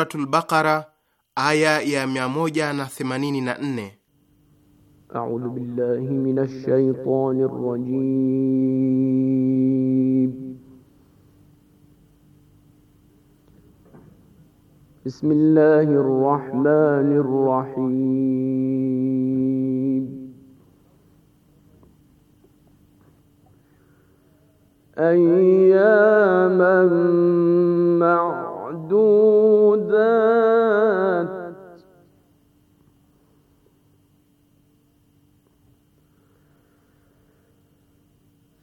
Suratul Baqara aya ya 184. A'udhu billahi minash shaitani rrajim. Bismillahir rahmanir rahim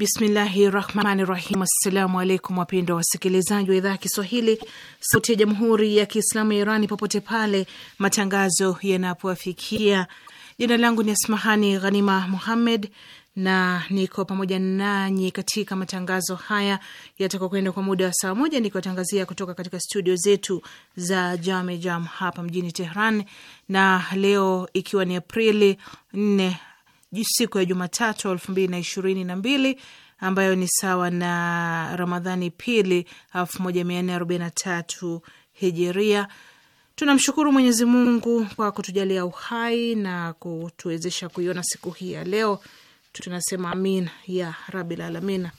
Bismillahi rahmani rahim. Assalamu alaikum wapendwa wasikilizaji wa idhaa ya Kiswahili sauti ya jamhuri ya Kiislamu ya Irani popote pale matangazo yanapowafikia. Jina langu ni Asmahani Ghanima Muhammed na niko pamoja nanyi katika matangazo haya yatakayokwenda kwa muda wa saa moja, nikiwatangazia kutoka katika studio zetu za Jame Jam hapa mjini Tehran, na leo ikiwa ni Aprili nne siku ya Jumatatu elfu mbili na ishirini na mbili ambayo ni sawa na Ramadhani pili elfu moja mia nne arobaini na tatu hijiria. Tunamshukuru Mwenyezi Mungu kwa kutujalia uhai na kutuwezesha kuiona siku hii ya leo. Tunasema amin ya rabil alamina.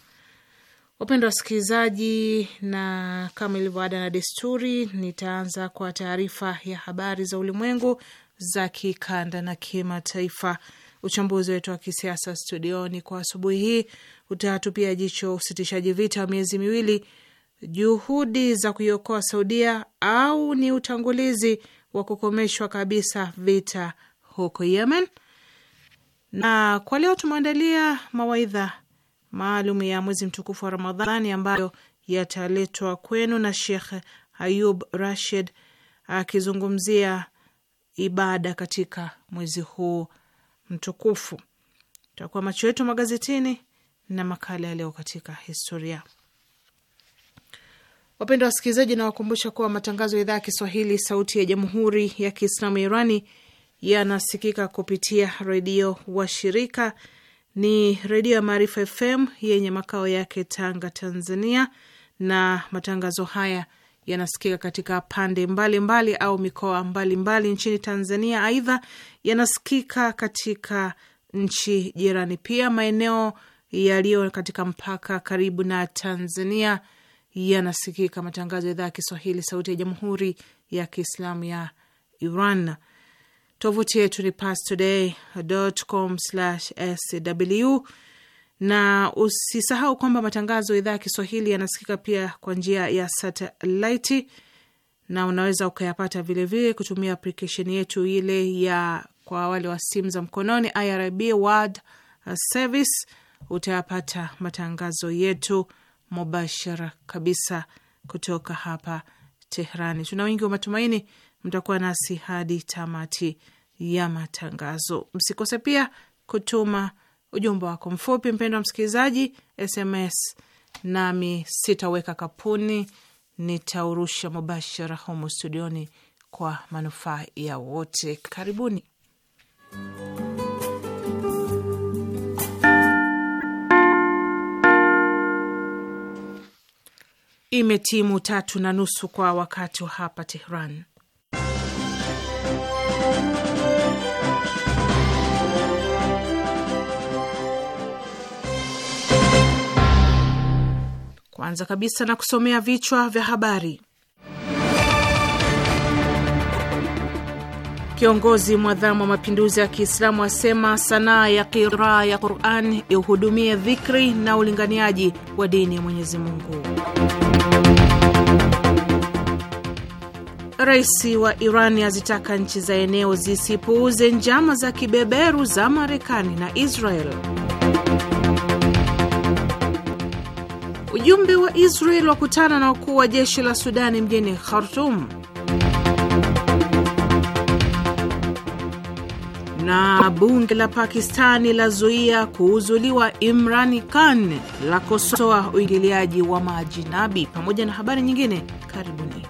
Wapendwa wasikilizaji, na kama ilivyo ada na desturi, nitaanza kwa taarifa ya habari za ulimwengu za kikanda na kimataifa. Uchambuzi wetu wa kisiasa studioni kwa asubuhi hii utatupia jicho usitishaji vita wa miezi miwili, juhudi za kuiokoa Saudia au ni utangulizi wa kukomeshwa kabisa vita huko Yemen. Na kwa leo tumeandalia mawaidha maalum ya mwezi mtukufu wa Ramadhani ambayo yataletwa kwenu na Shekh Ayub Rashid akizungumzia ibada katika mwezi huu mtukufu. Tutakuwa macho yetu magazetini na makala ya leo katika historia. Wapendwa wasikilizaji, nawakumbusha kuwa matangazo ya idhaa ya Kiswahili sauti ya jamhuri ya Kiislamu ya Irani yanasikika kupitia redio wa shirika ni redio ya Maarifa FM yenye makao yake Tanga, Tanzania, na matangazo haya yanasikika katika pande mbalimbali mbali au mikoa mbalimbali mbali nchini Tanzania. Aidha, yanasikika katika nchi jirani, pia maeneo yaliyo katika mpaka karibu na Tanzania yanasikika matangazo ya idhaa ya Kiswahili, Sauti ya Jamhuri ya Kiislamu ya Iran. Tovuti yetu ni pastoday.com/sw na usisahau kwamba matangazo ya idhaa ya Kiswahili yanasikika pia kwa njia ya satelaiti, na unaweza ukayapata vilevile kutumia aplikesheni yetu ile ya kwa wale wa simu za mkononi IRIB World Service. Utayapata matangazo yetu mubashara kabisa kutoka hapa Tehrani. Tuna wingi wa matumaini mtakuwa nasi hadi tamati ya matangazo. Msikose pia kutuma ujumbe wako mfupi, mpendo wa msikilizaji, SMS, nami sitaweka kapuni, nitaurusha mubashara humu studioni kwa manufaa ya wote. Karibuni. Imetimu tatu na nusu kwa wakati wa hapa Tehran. Kwanza kabisa na kusomea vichwa vya habari. Kiongozi mwadhamu wa mapinduzi ya Kiislamu asema sanaa ya qiraa ya Quran ihudumie dhikri na ulinganiaji wa dini ya Mwenyezi Mungu. Rais wa Iran azitaka nchi za eneo zisipuuze njama za kibeberu za Marekani na Israel. Ujumbe wa Israel wakutana na wakuu wa jeshi la Sudani mjini Khartum. Na bunge la Pakistani lazuia kuuzuliwa Imran Khan, lakosoa uingiliaji wa majinabi, pamoja na habari nyingine. Karibuni.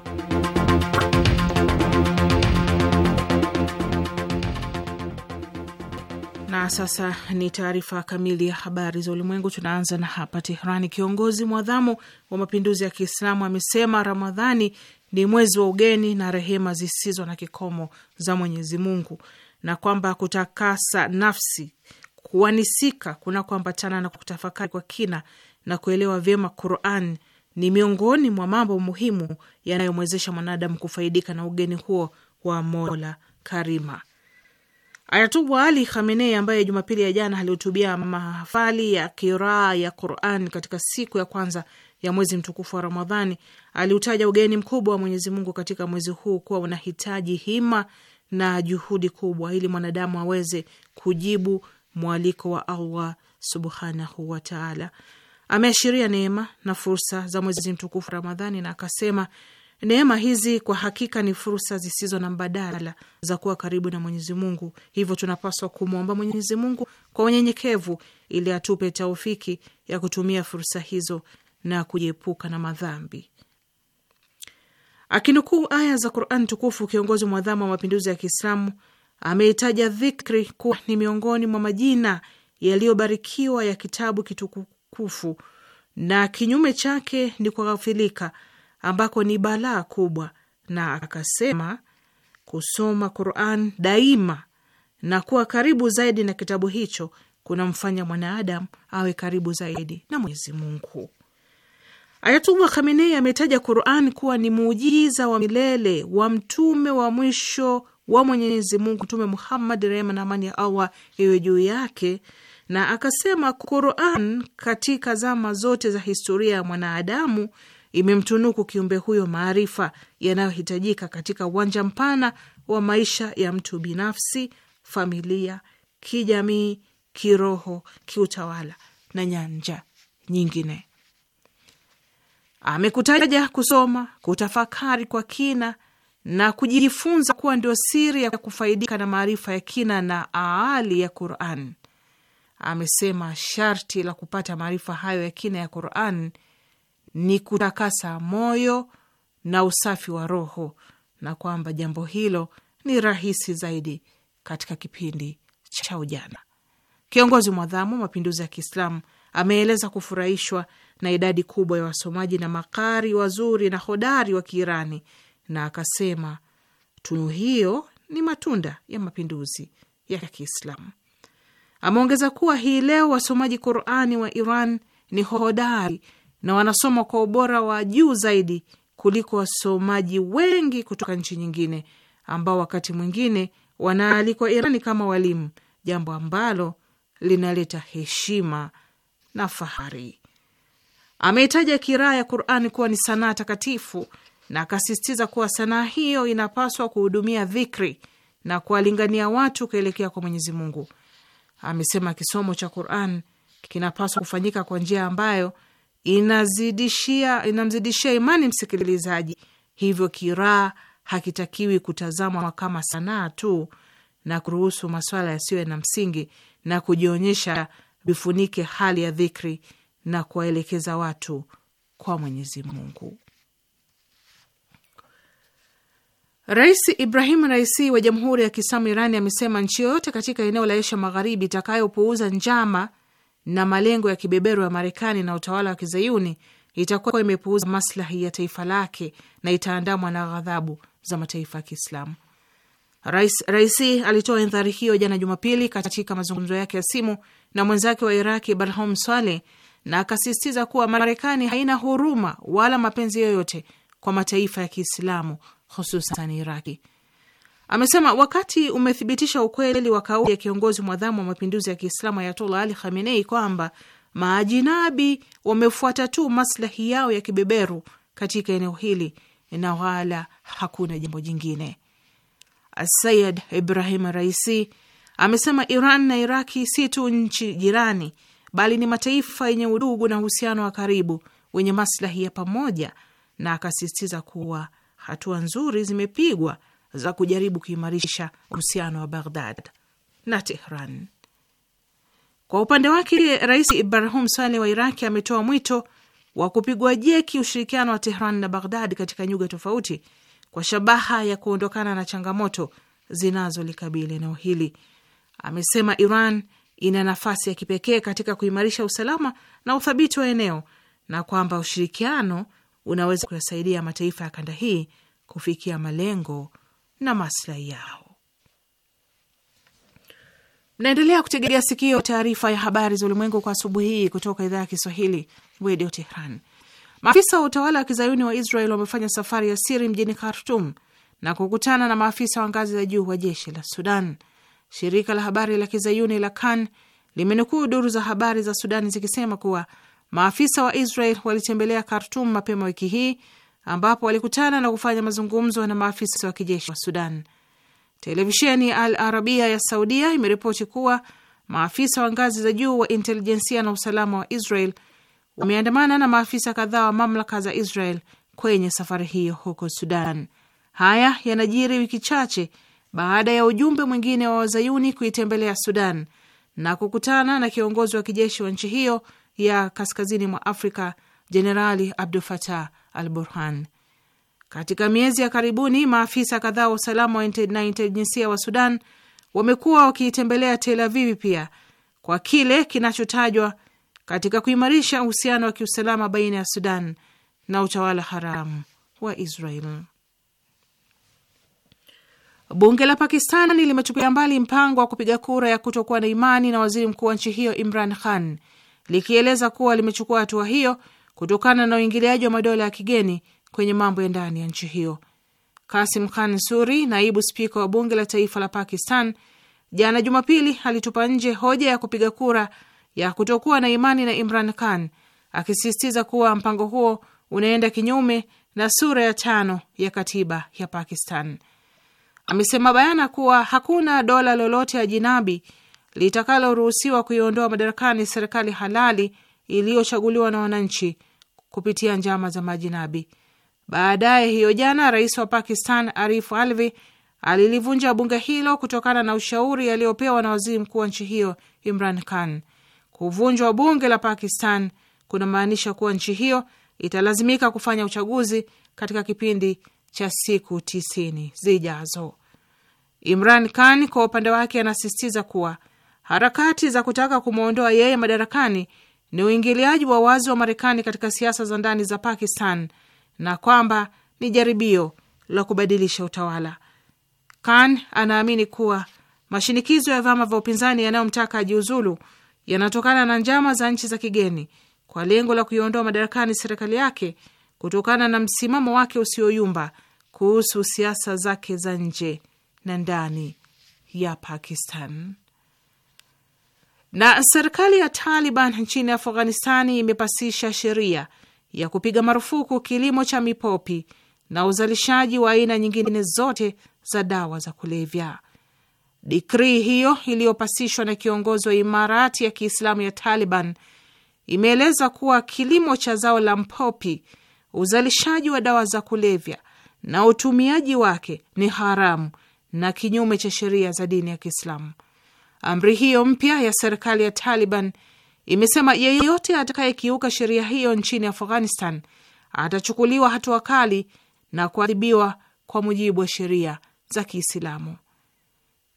sasa ni taarifa kamili ya habari za ulimwengu. Tunaanza na hapa Tehrani. Kiongozi mwadhamu wa mapinduzi ya Kiislamu amesema Ramadhani ni mwezi wa ugeni na rehema zisizo na kikomo za Mwenyezi Mungu, na kwamba kutakasa nafsi, kuanisika kunakoambatana na kutafakari kwa kina na kuelewa vyema Quran ni miongoni mwa mambo muhimu yanayomwezesha mwanadamu kufaidika na ugeni huo wa Mola Karima. Ayatullah Ali Khamenei ambaye Jumapili ya jana alihutubia mahafali ya kiraa ya Quran katika siku ya kwanza ya mwezi mtukufu wa Ramadhani aliutaja ugeni mkubwa wa Mwenyezi Mungu katika mwezi huu kuwa unahitaji hima na juhudi kubwa ili mwanadamu aweze kujibu mwaliko wa Allah subhanahu wataala. Ameashiria neema na fursa za mwezi mtukufu Ramadhani na akasema Neema hizi kwa hakika ni fursa zisizo na mbadala za kuwa karibu na Mwenyezi Mungu, hivyo tunapaswa kumwomba Mwenyezi Mungu kwa unyenyekevu ili atupe taufiki ya kutumia fursa hizo na kujiepuka na madhambi. Akinukuu aya za Quran tukufu, kiongozi mwadhamu wa mapinduzi ya Kiislamu ameitaja dhikri kuwa ni miongoni mwa majina yaliyobarikiwa ya kitabu kitukufu, na kinyume chake ni kughafilika ambako ni balaa kubwa, na akasema kusoma Quran daima na kuwa karibu zaidi na kitabu hicho kunamfanya mwanaadamu awe karibu zaidi na Mwenyezi Mungu. Ayatullah Khamenei ametaja Quran kuwa ni muujiza wa milele wa mtume wa mwisho wa Mwenyezi Mungu, Mtume Muhammad, rehema na amani ya Allah iwe juu yake, na akasema Quran katika zama zote za historia ya mwanadamu imemtunuku kiumbe huyo maarifa yanayohitajika katika uwanja mpana wa maisha ya mtu binafsi, familia, kijamii, kiroho, kiutawala na nyanja nyingine. Amekutaja kusoma, kutafakari kwa kina na kujifunza kuwa ndio siri ya kufaidika na maarifa ya kina na aali ya Quran. Amesema sharti la kupata maarifa hayo ya kina ya Quran ni kutakasa moyo na usafi wa roho, na kwamba jambo hilo ni rahisi zaidi katika kipindi cha ujana. Kiongozi mwadhamu wa mapinduzi ya Kiislamu ameeleza kufurahishwa na idadi kubwa ya wasomaji na makari wazuri na hodari wa Kiirani, na akasema tunu hiyo ni matunda ya mapinduzi ya Kiislamu. Ameongeza kuwa hii leo wasomaji Qurani wa Iran ni hodari na wanasoma kwa ubora wa juu zaidi kuliko wasomaji wengi kutoka nchi nyingine ambao wakati mwingine wanaalikwa Irani kama walimu, jambo ambalo linaleta heshima na fahari. Ameitaja kiraa ya Qurani kuwa ni sanaa takatifu na akasisitiza kuwa sanaa hiyo inapaswa kuhudumia dhikri na kuwalingania watu kuelekea kwa Mwenyezi Mungu. Amesema kisomo cha Quran kinapaswa kufanyika kwa njia ambayo inazidishia inamzidishia imani msikilizaji, hivyo kiraa hakitakiwi kutazamwa kama sanaa tu na kuruhusu maswala yasiyo na msingi na kujionyesha vifunike hali ya dhikri na kuwaelekeza watu kwa Mwenyezi Mungu. Rais Ibrahimu Raisi wa Jamhuri ya Kiislamu Irani amesema nchi yoyote katika eneo la Asia Magharibi itakayopuuza njama na malengo ya kibebero ya Marekani na utawala wa kizayuni itakuwa imepuuza maslahi ya taifa lake na itaandamwa na ghadhabu za mataifa ya Kiislamu. Rais Raisi alitoa indhari hiyo jana Jumapili katika mazungumzo yake ya simu na mwenzake wa Iraki Barham Swaleh, na akasisitiza kuwa Marekani haina huruma wala mapenzi yoyote kwa mataifa ya Kiislamu, hususan Iraki amesema wakati umethibitisha ukweli wa kauli ya kiongozi mwadhamu wa mapinduzi ya Kiislamu Ayatollah Ali Khamenei kwamba maajinabi wamefuata tu maslahi yao ya kibeberu katika eneo hili na wala hakuna jambo jingine. Sayid Ibrahim Raisi amesema Iran na Iraki si tu nchi jirani, bali ni mataifa yenye udugu na uhusiano wa karibu wenye maslahi ya pamoja, na akasisitiza kuwa hatua nzuri zimepigwa za kujaribu kuimarisha uhusiano wa Baghdad na Tehran. Kwa upande wake, Rais Ibrahim Saleh wa Iraki ametoa mwito wa kupigwa jeki ushirikiano wa Tehran na Baghdad katika nyuga tofauti kwa shabaha ya kuondokana na changamoto zinazolikabili eneo hili. Amesema Iran ina nafasi ya kipekee katika kuimarisha usalama na uthabiti wa eneo na kwamba ushirikiano unaweza kuyasaidia mataifa ya kanda hii kufikia malengo na maslahi yao. Mnaendelea kutegea sikio taarifa ya habari za ulimwengu kwa asubuhi hii kutoka idhaa ya Kiswahili redio Tehran. Maafisa wa utawala wa kizayuni wa Israel wamefanya safari ya siri mjini Khartum na kukutana na maafisa wa ngazi za juu wa jeshi la Sudan. Shirika la habari la kizayuni la Kan limenukuu duru za habari za Sudani zikisema kuwa maafisa wa Israel walitembelea Khartum mapema wiki hii ambapo walikutana na kufanya mazungumzo na maafisa wa kijeshi wa Sudan. Televisheni ya Al Arabia ya Saudia imeripoti kuwa maafisa wa ngazi za juu wa intelijensia na usalama wa Israel wameandamana na maafisa kadhaa wa mamlaka za Israel kwenye safari hiyo huko Sudan. Haya yanajiri wiki chache baada ya ujumbe mwingine wa wazayuni kuitembelea Sudan na kukutana na kiongozi wa kijeshi wa nchi hiyo ya kaskazini mwa Afrika, Jenerali Abdul Fatah Al Burhan. Katika miezi ya karibuni, maafisa kadhaa wa usalama na intelijensia wa Sudan wamekuwa wakiitembelea Tel Aviv pia kwa kile kinachotajwa katika kuimarisha uhusiano wa kiusalama baina ya Sudan na utawala haramu wa Israel. Bunge la Pakistani limetupia mbali mpango wa kupiga kura ya kutokuwa na imani na waziri mkuu wa nchi hiyo Imran Khan, likieleza kuwa limechukua hatua hiyo kutokana na uingiliaji wa madola ya kigeni kwenye mambo ya ndani ya nchi hiyo. Kasim Khan Suri, naibu spika wa bunge la taifa la Pakistan, jana Jumapili alitupa nje hoja ya kupiga kura ya kutokuwa na imani na Imran Khan, akisisitiza kuwa mpango huo unaenda kinyume na sura ya tano ya katiba ya Pakistan. Amesema bayana kuwa hakuna dola lolote ya jinabi litakaloruhusiwa kuiondoa madarakani serikali halali iliyochaguliwa na wananchi kupitia njama za majinabi. Baadaye hiyo jana, rais wa Pakistan Arif Alvi alilivunja bunge hilo kutokana na ushauri aliyopewa na waziri mkuu wa nchi hiyo Imran Khan. Kuvunjwa bunge la Pakistan kunamaanisha kuwa nchi hiyo italazimika kufanya uchaguzi katika kipindi cha siku tisini zijazo. Imran Khan kwa upande wake anasisitiza kuwa harakati za kutaka kumwondoa yeye madarakani ni uingiliaji wa wazi wa Marekani katika siasa za ndani za Pakistan na kwamba ni jaribio la kubadilisha utawala. Khan anaamini kuwa mashinikizo ya vyama vya upinzani yanayomtaka ajiuzulu yanatokana na njama za nchi za kigeni kwa lengo la kuiondoa madarakani serikali yake kutokana na msimamo wake usioyumba kuhusu siasa zake za nje na ndani ya Pakistan. Na serikali ya Taliban nchini Afghanistani imepasisha sheria ya kupiga marufuku kilimo cha mipopi na uzalishaji wa aina nyingine zote za dawa za kulevya. Dikrii hiyo iliyopasishwa na kiongozi wa Imarati ya Kiislamu ya Taliban imeeleza kuwa kilimo cha zao la mpopi, uzalishaji wa dawa za kulevya na utumiaji wake ni haramu na kinyume cha sheria za dini ya Kiislamu. Amri hiyo mpya ya serikali ya Taliban imesema yeyote atakayekiuka sheria hiyo nchini Afghanistan atachukuliwa hatua kali na kuadhibiwa kwa mujibu wa sheria za Kiislamu.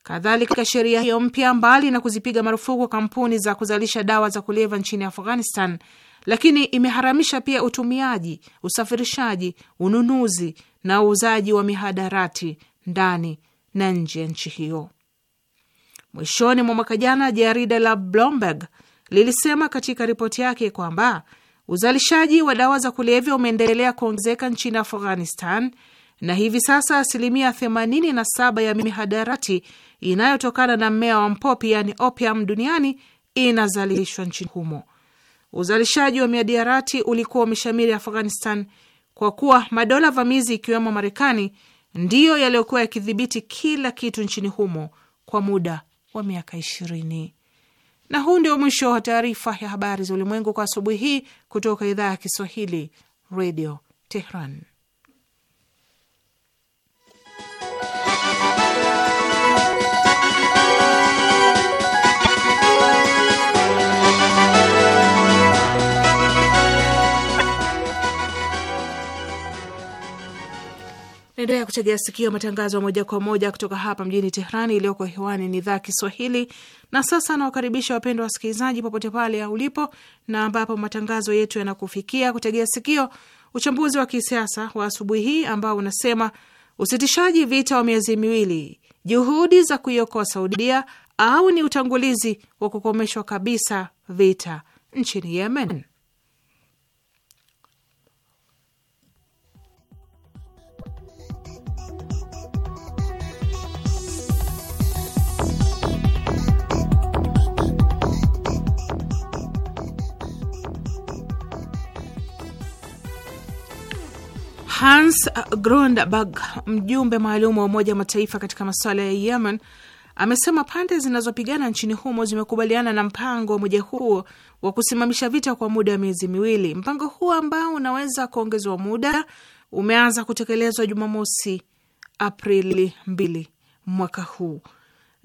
Kadhalika, sheria hiyo mpya, mbali na kuzipiga marufuku kampuni za kuzalisha dawa za kulevya nchini Afghanistan, lakini imeharamisha pia utumiaji, usafirishaji, ununuzi na uuzaji wa mihadarati ndani na nje ya nchi hiyo. Mwishoni mwa mwaka jana, jarida la Bloomberg lilisema katika ripoti yake kwamba uzalishaji wa dawa za kulevya umeendelea kuongezeka nchini Afghanistan na hivi sasa asilimia 87 ya mihadarati inayotokana na mmea wa mpopi yani opium duniani inazalishwa nchini humo. Uzalishaji wa mihadarati ulikuwa umeshamiri Afghanistan kwa kuwa madola vamizi ikiwemo Marekani ndiyo yaliyokuwa yakidhibiti kila kitu nchini humo kwa muda wa miaka ishirini. Na huu ndio mwisho wa taarifa ya habari za ulimwengu kwa asubuhi hii kutoka idhaa ya Kiswahili, radio Tehran. Naendelea kutegea sikio matangazo moja kwa moja kutoka hapa mjini Tehrani, iliyoko hewani ni idhaa Kiswahili. Na sasa nawakaribisha wapendwa wasikilizaji, popote pale ulipo na ambapo matangazo yetu yanakufikia, kutegea sikio uchambuzi wa kisiasa wa asubuhi hii ambao unasema usitishaji vita wa miezi miwili, juhudi za kuiokoa Saudia au ni utangulizi wa kukomeshwa kabisa vita nchini Yemen. Hans Grundberg, mjumbe maalum wa Umoja wa Mataifa katika masuala ya Yemen, amesema pande zinazopigana nchini humo zimekubaliana na mpango wa umoja huo wa kusimamisha vita kwa muda wa miezi miwili. Mpango huo ambao unaweza kuongezwa muda umeanza kutekelezwa Jumamosi, Aprili 2 mwaka huu,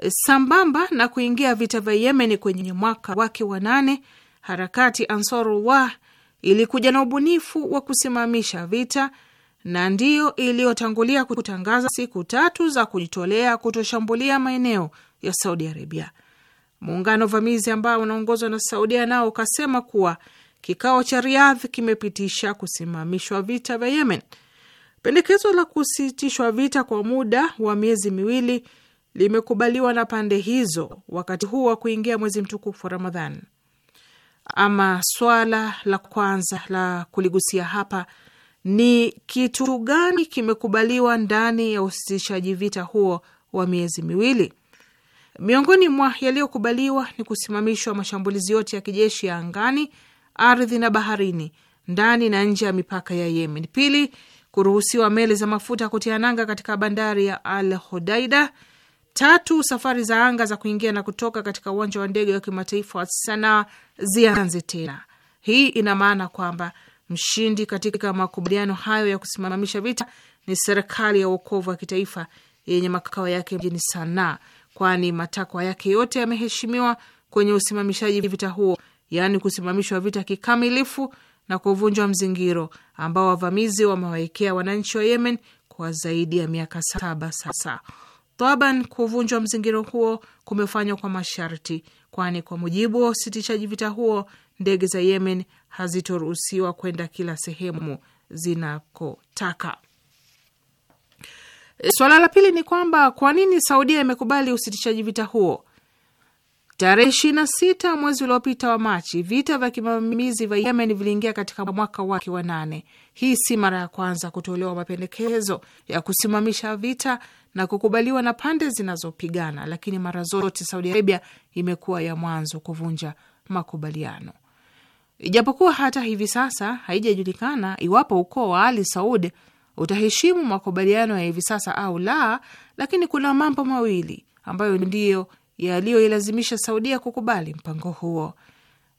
sambamba na kuingia vita vya Yemen kwenye mwaka wake wa nane. Harakati Ansarullah ilikuja na ubunifu wa kusimamisha vita na ndiyo iliyotangulia kutangaza siku tatu za kujitolea kutoshambulia maeneo ya Saudi Arabia. Muungano vamizi ambao unaongozwa na Saudia nao ukasema kuwa kikao cha riadh kimepitisha kusimamishwa vita vya Yemen. Pendekezo la kusitishwa vita kwa muda wa miezi miwili limekubaliwa na pande hizo wakati huu wa kuingia mwezi mtukufu wa Ramadhan. Ama swala la kwanza la kuligusia hapa ni kitu gani kimekubaliwa ndani ya usitishaji vita huo wa miezi miwili. Miongoni mwa yaliyokubaliwa ni kusimamishwa mashambulizi yote ya kijeshi ya angani, ardhi na baharini, ndani na nje ya mipaka ya Yemen. Pili, kuruhusiwa meli za mafuta kutia nanga katika bandari ya Al Hodaida. Tatu, safari za anga za kuingia na kutoka katika uwanja wa ndege wa kimataifa wa Sanaa zianze tena. Hii ina maana kwamba Mshindi katika makubaliano hayo ya kusimamisha vita ni serikali ya uokovu wa kitaifa yenye makao yake mjini Sanaa, kwani matakwa yake yote yameheshimiwa kwenye usimamishaji vita huo, yaani kusimamishwa vita kikamilifu na kuvunjwa mzingiro ambao wavamizi wamewawekea wananchi wa Yemen kwa zaidi ya miaka saba sasa. Taban, kuvunjwa mzingiro huo kumefanywa kwa masharti, kwani kwa mujibu wa usitishaji vita huo ndege za Yemen hazitoruhusiwa kwenda kila sehemu zinakotaka. E, swala la pili ni kwamba kwa nini Saudia imekubali usitishaji vita huo? Tarehe sita mwezi uliopita wa Machi, vita vya kivamizi vya Yemen viliingia katika mwaka wake wa nane. Hii si mara ya kwanza kutolewa mapendekezo ya kusimamisha vita na kukubaliwa na pande zinazopigana, lakini mara zote Saudi Arabia imekuwa ya mwanzo kuvunja makubaliano ijapokuwa hata hivi sasa haijajulikana iwapo ukoo wa Ali Saud utaheshimu makubaliano ya hivi sasa au la, lakini kuna mambo mawili ambayo ndiyo yaliyoilazimisha Saudia kukubali mpango huo.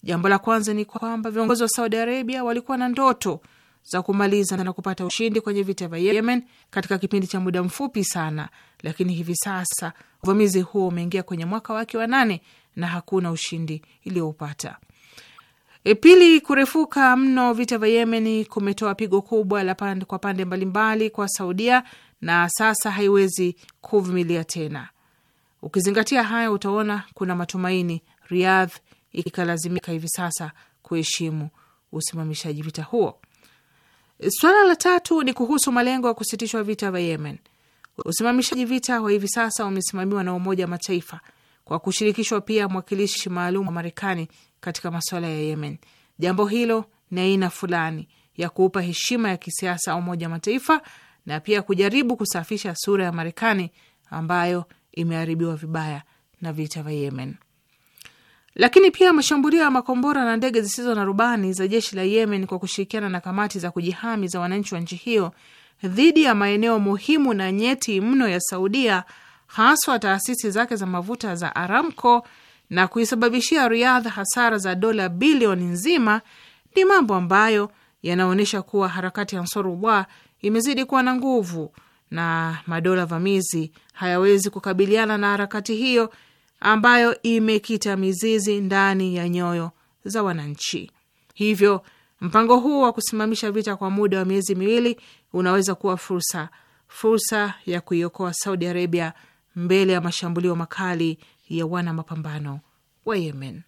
Jambo la kwanza ni kwamba viongozi wa Saudi Arabia walikuwa na ndoto za kumaliza na kupata ushindi kwenye vita vya Yemen katika kipindi cha muda mfupi sana, lakini hivi sasa uvamizi huo umeingia kwenye mwaka wake wa nane na hakuna ushindi iliyoupata. E, pili, kurefuka mno vita vya Yemeni kumetoa pigo kubwa la pande kwa pande mbalimbali kwa Saudia, na sasa haiwezi kuvumilia tena. Ukizingatia haya, utaona kuna matumaini Riyadh ikalazimika hivi sasa kuheshimu usimamishaji vita huo. Swala la tatu ni kuhusu malengo ya kusitishwa vita vya Yemen. Usimamishaji vita wa hivi sasa umesimamiwa na Umoja wa Mataifa kwa kushirikishwa pia mwakilishi maalum wa Marekani katika masuala ya Yemen. Jambo hilo ni aina fulani ya kuupa heshima ya kisiasa Umoja wa Mataifa na pia kujaribu kusafisha sura ya Marekani ambayo imeharibiwa vibaya na vita vya Yemen. Lakini pia mashambulio ya makombora na ndege zisizo na rubani za jeshi la Yemen kwa kushirikiana na kamati za kujihami za wananchi wa nchi hiyo dhidi ya maeneo muhimu na nyeti mno ya Saudia, haswa taasisi zake za mafuta za Aramco na kuisababishia Riyadh hasara za dola bilioni nzima ni mambo ambayo yanaonyesha kuwa harakati ya Ansarullah imezidi kuwa na nguvu na madola vamizi hayawezi kukabiliana na harakati hiyo ambayo imekita mizizi ndani ya nyoyo za wananchi. Hivyo mpango huu wa kusimamisha vita kwa muda wa miezi miwili unaweza kuwa fursa, fursa ya kuiokoa Saudi Arabia mbele ya mashambulio makali ya wana mapambano wa Yemen.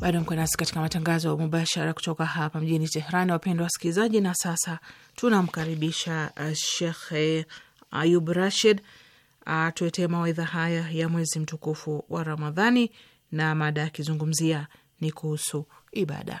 Bado mko nasi katika matangazo mubashara kutoka hapa mjini Tehrani, wapendwa wasikilizaji. Na sasa tunamkaribisha eh, Shekhe Ayub Rashid atuetee mawaidha haya ya mwezi mtukufu wa Ramadhani na mada akizungumzia ni kuhusu ibada.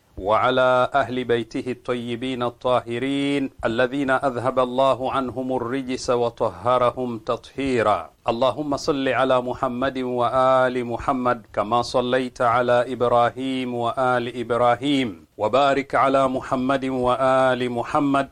وعلى أهل بيته الطيبين الطاهرين الذين أذهب الله عنهم الرجس وطهرهم تطهيرا اللهم صل على محمد وآل محمد كما صليت على إبراهيم وآل إبراهيم وبارك على محمد وآل محمد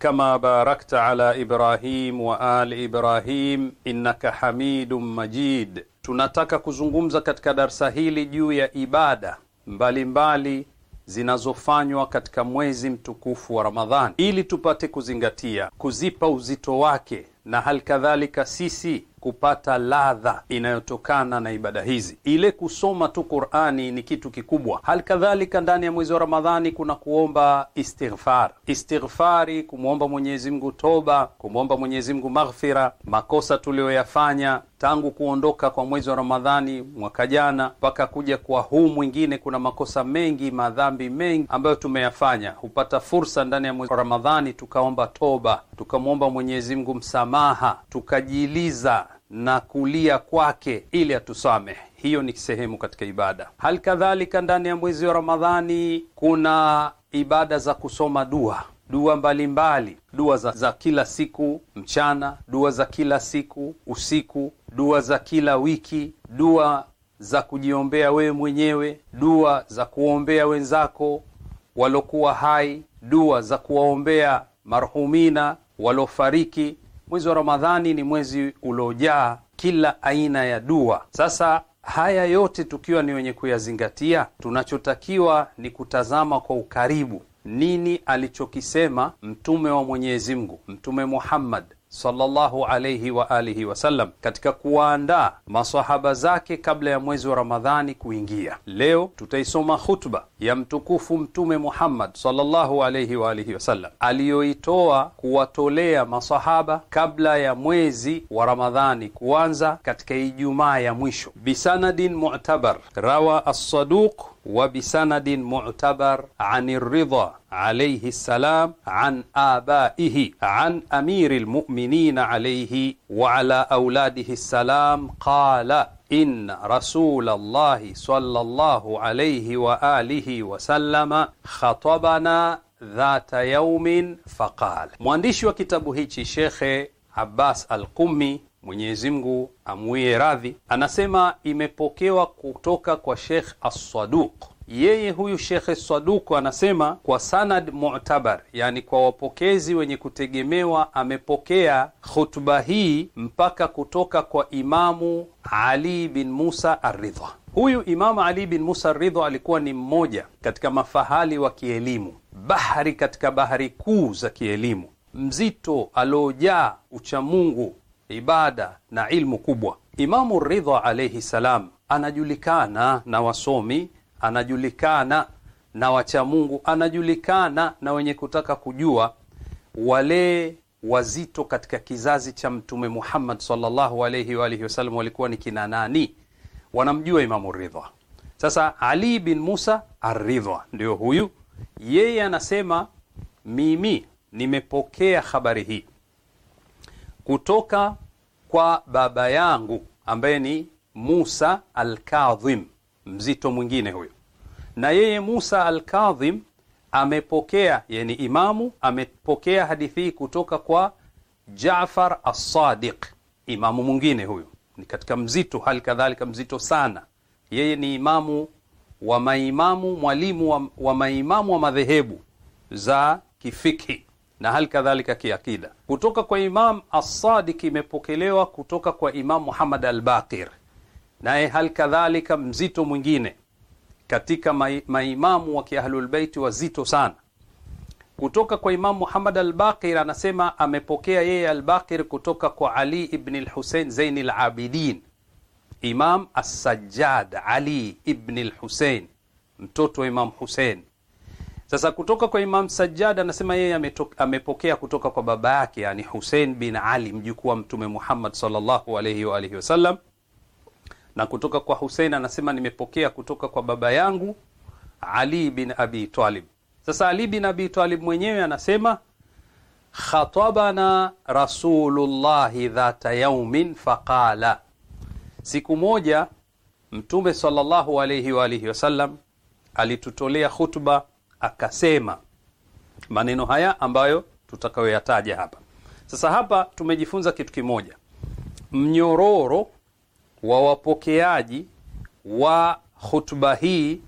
كما باركت على إبراهيم وآل إبراهيم إنك حميد مجيد tunataka kuzungumza katika darsa hili juu ya ibada mbalimbali mbali zinazofanywa katika mwezi mtukufu wa Ramadhani ili tupate kuzingatia, kuzipa uzito wake, na hali kadhalika sisi kupata ladha inayotokana na ibada hizi. Ile kusoma tu Qur'ani ni kitu kikubwa. Hali kadhalika ndani ya mwezi wa Ramadhani kuna kuomba istighfar, istighfari, kumwomba Mwenyezi Mungu toba, kumwomba Mwenyezi Mungu maghfira, makosa tuliyoyafanya tangu kuondoka kwa mwezi wa Ramadhani mwaka jana mpaka kuja kwa huu mwingine, kuna makosa mengi, madhambi mengi ambayo tumeyafanya. Hupata fursa ndani ya mwezi wa Ramadhani tukaomba toba, tukamwomba Mwenyezi Mungu msamaha, tukajiliza na kulia kwake ili atusamehe. Hiyo ni sehemu katika ibada. Hali kadhalika ndani ya mwezi wa Ramadhani kuna ibada za kusoma dua dua mbalimbali mbali. Dua za, za kila siku mchana, dua za kila siku usiku, dua za kila wiki, dua za kujiombea wewe mwenyewe, dua za kuombea wenzako waliokuwa hai, dua za kuwaombea marhumina waliofariki Mwezi wa Ramadhani ni mwezi uliojaa kila aina ya dua. Sasa haya yote tukiwa ni wenye kuyazingatia, tunachotakiwa ni kutazama kwa ukaribu nini alichokisema mtume wa Mwenyezi Mungu, Mtume Muhammad sallallahu alayhi wa alihi wasallam katika kuwaandaa masahaba zake kabla ya mwezi wa Ramadhani kuingia. Leo tutaisoma khutba ya mtukufu Mtume Muhammad sallallahu alayhi wa alihi wasallam aliyoitoa kuwatolea masahaba kabla ya mwezi wa Ramadhani kuanza katika Ijumaa ya mwisho, bisanadin mu'tabar rawa as-saduq wa bisanadin mu'tabar an ar-ridha alayhi salam an abaihi an amiri al-mu'minin alayhi wa ala auladihi salam qala inna rasulallahi sallallahu alayhi wa alihi wa sallama khatabana dhata yawmin faqala. Mwandishi wa kitabu hichi Shekhe Abbas al Mwenyezi Mungu amwie radhi, anasema imepokewa kutoka kwa Sheikh As-Saduq. Yeye huyu Shekhe Saduq anasema kwa sanad mu'tabar, yani kwa wapokezi wenye kutegemewa, amepokea khutba hii mpaka kutoka kwa Imamu Ali bin Musa Ar-Ridha. Huyu Imamu Ali bin Musa Ar-Ridha alikuwa ni mmoja katika mafahali wa kielimu, bahari katika bahari kuu za kielimu, mzito aliojaa uchamungu ibada na ilmu kubwa. Imamu Ridha alaihi salam anajulikana na wasomi, anajulikana na wachamungu, anajulikana na wenye kutaka kujua wale wazito katika kizazi cha Mtume Muhammad sallallahu alayhi wa alihi wasallam walikuwa ni kina nani? Wanamjua Imamu Ridha. Sasa Ali bin Musa Aridha ndio huyu, yeye anasema mimi nimepokea habari hii kutoka kwa baba yangu ambaye ni Musa al-Kadhim, mzito mwingine huyo. Na yeye Musa al-Kadhim amepokea, yani imamu amepokea hadithi hii kutoka kwa Jaafar as-Sadiq, imamu mwingine huyo, ni katika mzito, hali kadhalika mzito sana. Yeye ni imamu wa maimamu, mwalimu wa, wa maimamu wa madhehebu za kifikhi na hali kadhalika kiakida. Kutoka kwa Imam Assadik imepokelewa kutoka kwa Imam Muhammad Albaqir, naye hali kadhalika mzito mwingine katika maimamu wa Kiahlulbeiti wazito sana kutoka kwa imam Muhammad Albaqir anasema amepokea yeye Albaqir kutoka kwa Ali ibn Lhusein Zain Labidin, Imam Assajjad Ali ibn Lhusein, mtoto wa Imam Husein. Sasa kutoka kwa Imam Sajjad anasema yeye amepokea kutoka kwa baba yake, yani Husein bin Ali mjukuu wa Mtume Muhammad sallallahu wa alihi wasallam, na kutoka kwa husein anasema nimepokea kutoka kwa baba yangu Ali bin Abi Talib. Sasa Ali bin Abi Talib mwenyewe anasema khatabana Rasulullahi dhata yaumin faqala, siku moja Mtume sallallahu wa alihi wasallam alitutolea khutba akasema maneno haya ambayo tutakayoyataja hapa sasa. Hapa tumejifunza kitu kimoja, mnyororo wa wapokeaji wa hutuba hii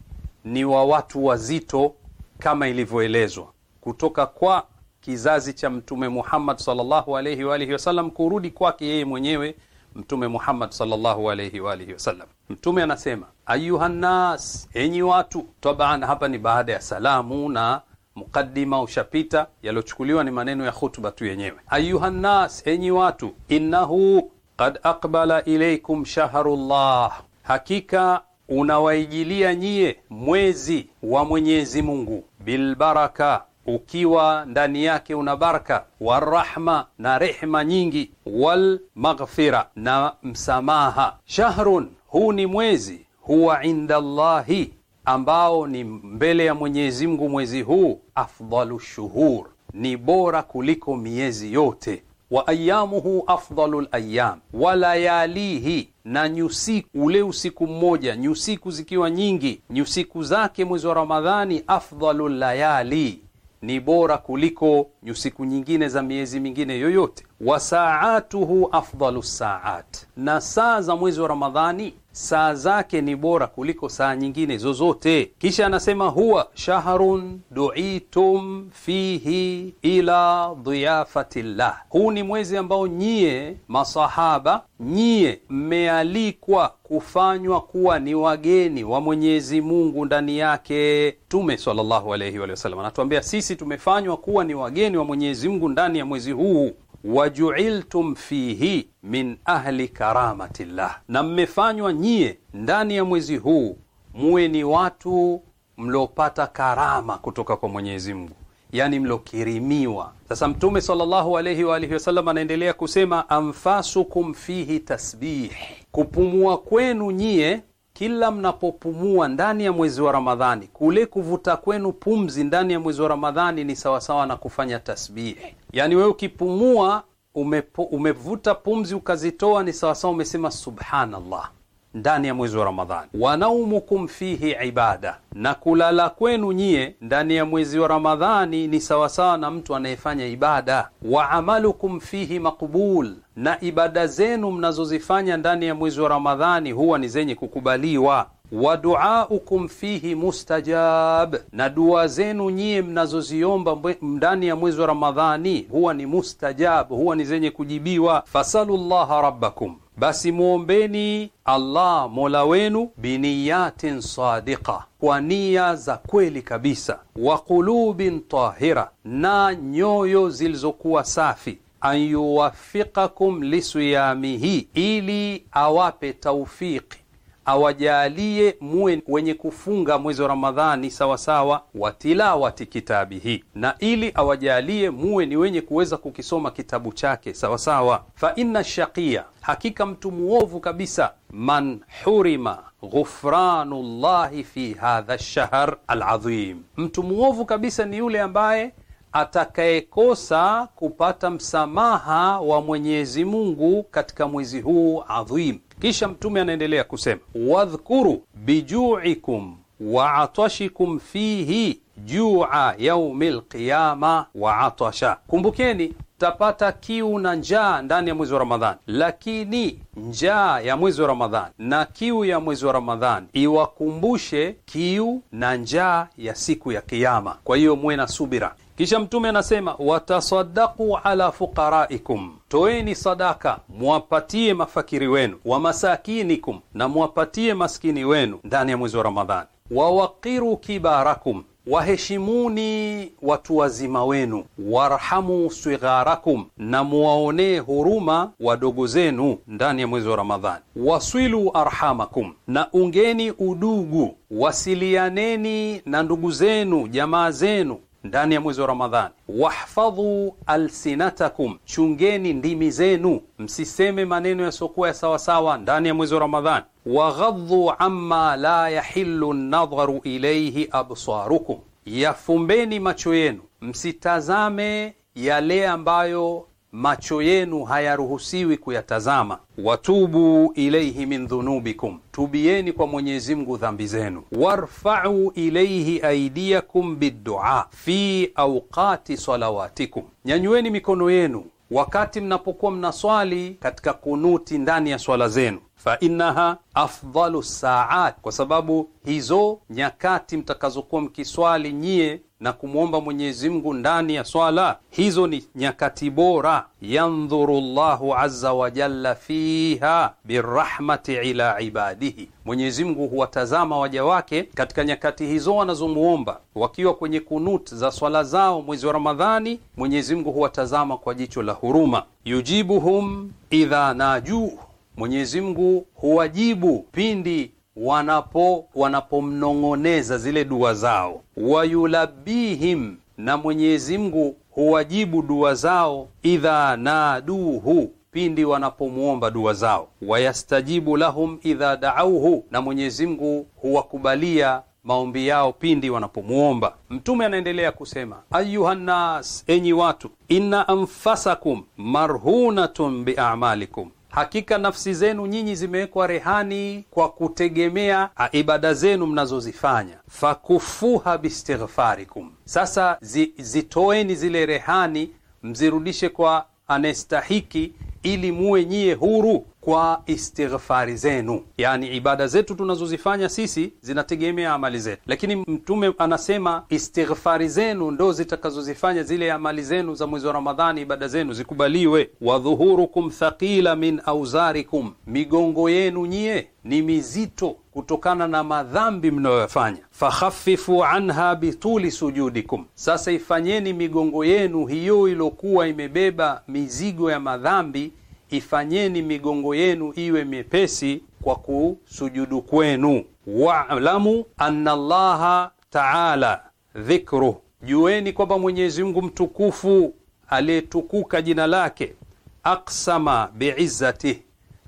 ni wa watu wazito kama ilivyoelezwa kutoka kwa kizazi cha Mtume Muhammad sallallahu alayhi wa alihi wasallam kurudi kwake yeye mwenyewe Mtume Muhammad sallallahu alayhi wa alihi wasallam. Mtume anasema ayuhannas, enyi watu. Taban, hapa ni baada ya salamu na mukaddima ushapita, yaliochukuliwa ni maneno ya khutba tu yenyewe. Ayuhannas, enyi watu, innahu qad aqbala ilaykum shahrullah, hakika unawaijilia nyie mwezi wa Mwenyezi Mungu, bilbaraka ukiwa ndani yake una baraka, warahma na rehma nyingi, walmaghfira na msamaha. Shahrun huu ni mwezi huwa inda llahi, ambao ni mbele ya Mwenyezi Mungu. Mwezi huu afdalu shuhur, ni bora kuliko miezi yote. Wa ayamuhu afdalu layam, wa layalihi, na nyusiku ule usiku mmoja, nyusiku zikiwa nyingi, nyusiku zake mwezi wa Ramadhani afdalu layali, ni bora kuliko nyusiku nyingine za miezi mingine yoyote wa saatuhu afdalu saat, na saa za mwezi wa Ramadhani saa zake ni bora kuliko saa nyingine zozote. Kisha anasema huwa shahrun duitum fihi ila dhiyafati llah, huu ni mwezi ambao nyie masahaba nyie mmealikwa kufanywa kuwa ni wageni wa Mwenyezi Mungu ndani yake. Mtume sallallahu alayhi wa sallam anatuambia sisi tumefanywa kuwa ni wageni wa Mwenyezi Mungu ndani ya mwezi huu wajuiltum fihi min ahli karamatillah, na mmefanywa nyie ndani ya mwezi huu muwe ni watu mliopata karama kutoka kwa Mwenyezi Mungu, yani mliokirimiwa. Sasa Mtume sallallahu alayhi wa alihi wasallam anaendelea kusema anfasukum fihi tasbih, kupumua kwenu nyie kila mnapopumua ndani ya mwezi wa Ramadhani, kule kuvuta kwenu pumzi ndani ya mwezi wa Ramadhani ni sawasawa na kufanya tasbihi. yani wewe ukipumua umepo, umevuta pumzi ukazitoa, ni sawasawa umesema subhanallah ndani ya mwezi wa Ramadhani. Wanaumukum fihi ibada, na kulala kwenu nyie ndani ya mwezi wa Ramadhani ni sawasawa na mtu anayefanya ibada. Wa amalukum fihi maqbul na ibada zenu mnazozifanya ndani ya mwezi wa Ramadhani huwa ni zenye kukubaliwa wa duaukum fihi mustajab, na dua zenu nyie mnazoziomba ndani ya mwezi wa Ramadhani huwa ni mustajab, huwa ni zenye kujibiwa. Fasalu llaha rabbakum, basi mwombeni Allah mola wenu, biniyatin sadiqa, kwa nia za kweli kabisa, wa qulubin tahira, na nyoyo zilizokuwa safi an yuwaffiqakum lisiyamihi, ili awape taufiki awajalie muwe wenye kufunga mwezi wa Ramadhani sawasawa wa tilawati kitabihi, na ili awajalie muwe ni wenye kuweza kukisoma kitabu chake sawasawa. Fa inna shaqiya, hakika mtu muovu kabisa, man hurima ghufranu llahi fi hadha lshahr aladhim, mtu muovu kabisa ni yule ambaye atakayekosa kupata msamaha wa Mwenyezi Mungu katika mwezi huu adhim. Kisha Mtume anaendelea kusema wadhkuru bijuikum wa atashikum fihi jua yaumi lqiyama wa atasha, kumbukeni tapata kiu na njaa ndani ya mwezi wa Ramadhani, lakini njaa ya mwezi wa Ramadhani na kiu ya mwezi wa Ramadhani iwakumbushe kiu na njaa ya siku ya Kiyama. Kwa hiyo muwe na subira. Kisha Mtume anasema watasadaku ala fuqaraikum, toeni sadaka mwapatie mafakiri wenu, wa masakinikum, na mwapatie maskini wenu ndani ya mwezi wa Ramadhani. Wawakiru kibarakum, waheshimuni watu wazima wenu. Warhamu swigharakum na muwaonee huruma wadogo zenu ndani ya mwezi wa Ramadhani. Waswilu arhamakum, na ungeni udugu, wasilianeni na ndugu zenu, jamaa zenu ndani ya mwezi wa Ramadhani, wahfadhu alsinatakum, chungeni ndimi zenu, msiseme maneno yasiokuwa ya sawasawa ndani ya mwezi wa Ramadhani. Waghadhu amma la yahillu nadharu ilayhi absarukum, yafumbeni macho yenu, msitazame yale ambayo macho yenu hayaruhusiwi kuyatazama. Watubu ilaihi min dhunubikum, tubieni kwa Mwenyezi Mungu dhambi zenu. Warfau ilaihi aidiakum biddua fi auqati salawatikum, nyanyueni mikono yenu wakati mnapokuwa mnaswali katika kunuti ndani ya swala zenu. Fa innaha afdalu saat, kwa sababu hizo nyakati mtakazokuwa mkiswali nyie na kumwomba Mwenyezi Mungu ndani ya swala hizo ni nyakati bora. Yandhuru llahu azza wa jalla fiha birahmati ila ibadihi, Mwenyezi Mungu huwatazama waja wake katika nyakati hizo wanazomwomba wakiwa kwenye kunut za swala zao mwezi wa Ramadhani. Mwenyezi Mungu huwatazama kwa jicho la huruma. Yujibuhum idha najuu, Mwenyezi Mungu huwajibu pindi wanapo wanapomnong'oneza zile dua zao, wayulabihim, na Mwenyezi Mungu huwajibu dua zao, idha naduhu pindi wanapomwomba dua zao, wayastajibu lahum idha daauhu, na Mwenyezi Mungu huwakubalia maombi yao pindi wanapomwomba. Mtume anaendelea kusema, ayuhannas, enyi watu, inna anfasakum marhunatun biamalikum Hakika nafsi zenu nyinyi zimewekwa rehani kwa kutegemea ah, ibada zenu mnazozifanya. fakufuha bistighfarikum, sasa zi, zitoeni zile rehani mzirudishe kwa anayestahiki, ili muwe nyie huru kwa istighfari zenu. Yani, ibada zetu tunazozifanya sisi zinategemea amali zetu, lakini Mtume anasema istighfari zenu ndo zitakazozifanya zile amali zenu za mwezi wa Ramadhani, ibada zenu zikubaliwe. Wadhuhurukum thaqila min auzarikum, migongo yenu nyie ni mizito kutokana na madhambi mnayoyafanya. Fakhaffifu anha bituli sujudikum, sasa ifanyeni migongo yenu hiyo iliyokuwa imebeba mizigo ya madhambi ifanyeni migongo yenu iwe mepesi kwa kusujudu kwenu. Walamu anna llaha taala dhikruh, jueni kwamba Mwenyezi Mungu mtukufu aliyetukuka jina lake, aksama biizzatih,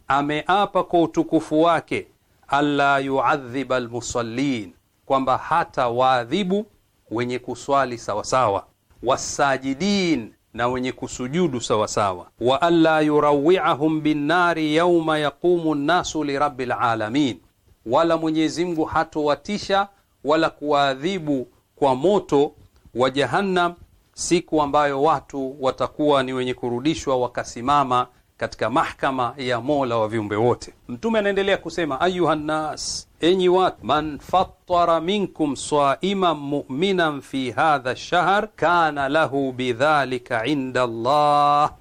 ameapa kwa utukufu wake, alla yuadhiba lmusallin, kwamba hata waadhibu wenye kuswali sawasawa, wasajidin na wenye kusujudu sawasawa, wa alla yurawiahum binnari yauma yaqumu nnasu lirabbil lalamin, wala Mwenyezi Mungu hatowatisha wala kuwaadhibu kwa moto wa Jahannam siku ambayo watu watakuwa ni wenye kurudishwa wakasimama katika mahkama ya Mola wa viumbe wote. Mtume anaendelea kusema ayuha nnas enyi watu, man fattara minkum saiman muminan fi hadha lshahr kana lahu bidhalika inda Allah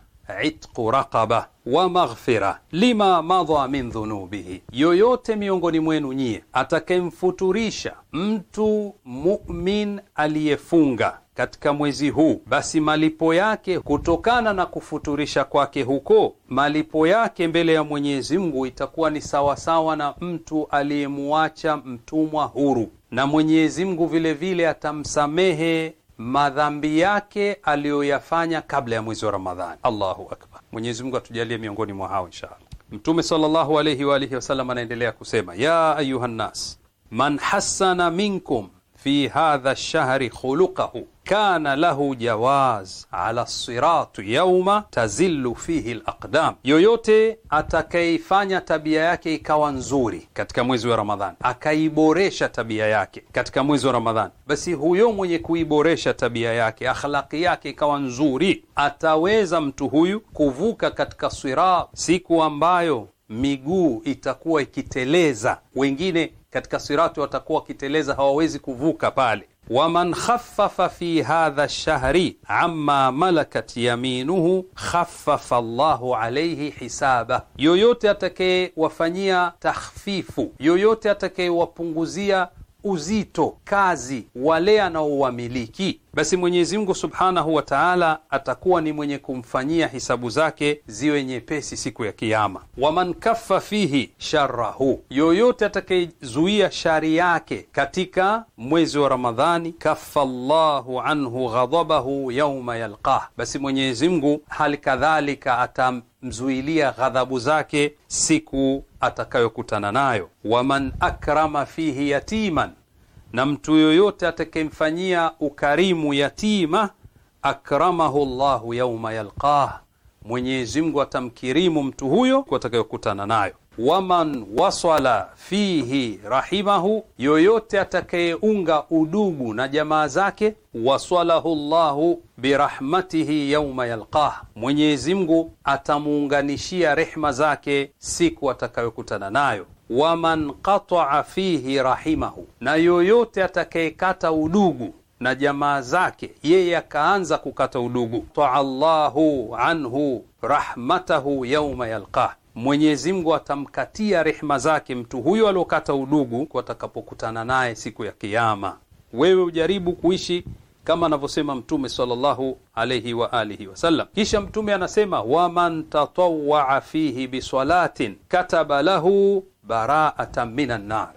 itqu raqaba wa maghfira lima madha min dhunubihi, yoyote miongoni mwenu nyie atakayemfuturisha mtu mumin aliyefunga katika mwezi huu, basi malipo yake kutokana na kufuturisha kwake huko, malipo yake mbele ya Mwenyezi Mungu itakuwa ni sawasawa na mtu aliyemuacha mtumwa huru, na Mwenyezi Mungu vilevile atamsamehe madhambi yake aliyoyafanya kabla ya mwezi wa Ramadhani. Allahu akbar! Mwenyezi Mungu atujalie miongoni mwa hao insha Allah. Mtume sallallahu alayhi wa alihi wasallam anaendelea kusema, ya ayuha nnas man hassana minkum fi hadha lshahri khuluqahu kana lahu jawaz ala siratu yauma tazilu fihi laqdam, yoyote atakayeifanya tabia yake ikawa nzuri katika mwezi wa Ramadhani, akaiboresha tabia yake katika mwezi wa ramadhan basi huyo mwenye kuiboresha tabia yake, akhlaqi yake ikawa nzuri, ataweza mtu huyu kuvuka katika sirat, siku ambayo miguu itakuwa ikiteleza, wengine katika sirati watakuwa wakiteleza, hawawezi kuvuka pale. Waman khaffafa fi hadha lshahri amma malakat yaminuhu khaffafa llahu alaihi hisaba, yoyote atakayewafanyia takhfifu, yoyote atakayewapunguzia uzito kazi wale anaowamiliki, basi Mwenyezi Mungu subhanahu wa taala atakuwa ni mwenye kumfanyia hisabu zake ziwe nyepesi siku ya Kiama. Waman kaffa fihi sharahu yoyote atakayezuia shari yake katika mwezi wa Ramadhani, kaffa llahu anhu ghadhabahu yauma yalqah, basi Mwenyezi Mungu hali kadhalika atamzuilia ghadhabu zake siku atakayokutana nayo. Waman akrama fihi yatiman, na mtu yoyote atakayemfanyia ukarimu yatima akramahu llahu yauma yalqah Mwenyezi Mungu atamkirimu mtu huyo atakayokutana nayo. Waman wasala fihi rahimahu, yoyote atakayeunga udugu na jamaa zake. Wasalahu llahu birahmatihi yauma yalqah, Mwenyezi Mungu atamuunganishia rehma zake siku atakayokutana nayo. Waman qataa fihi rahimahu, na yoyote atakayekata udugu na jamaa zake, yeye akaanza kukata udugu. taallahu anhu rahmatahu yauma yalqah, Mwenyezi Mungu atamkatia rehma zake mtu huyo aliokata udugu watakapokutana naye siku ya kiama Wewe ujaribu kuishi kama anavyosema Mtume sallallahu wa alihi wasallam. Kisha Mtume anasema waman tatawaa fihi bisalatin kataba lahu baraatan minan nar,